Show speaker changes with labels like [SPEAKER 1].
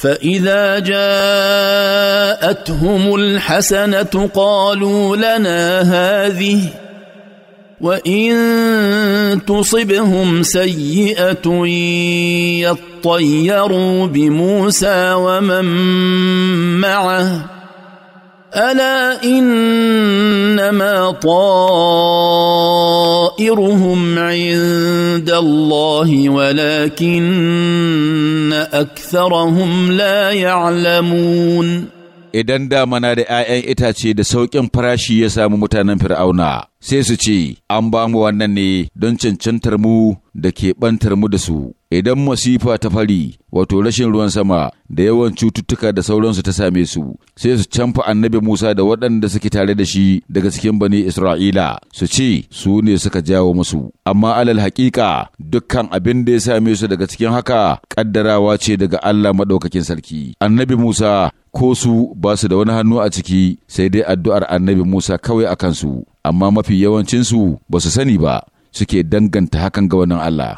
[SPEAKER 1] فاذا جاءتهم الحسنه قالوا لنا هذه وان تصبهم سيئه يطيروا بموسى ومن معه الا انما طار أجرهم عند الله ولكن أكثرهم لا يعلمون
[SPEAKER 2] idan damana da ‘ya'yan itace da sauƙin farashi ya samu mutanen fir'auna, sai su ce, An ba mu wannan ne don cancantar mu da keɓantar mu da su. Idan masifa ta fari, wato rashin ruwan sama da yawan cututtuka da sauransu ta same su, sai su canfa annabi Musa da waɗanda suke tare da shi daga cikin bani Isra'ila, su ce su ne suka jawo musu. Amma alal haƙiƙa dukkan abin da ya same su daga cikin haka ƙaddarawa ce daga Allah maɗaukakin sarki. Annabi Musa ko su ba su da wani hannu a ciki sai dai addu'ar annabi Musa kawai a kansu, amma mafi yawancinsu ba su sani ba suke danganta hakan ga wannan Allah.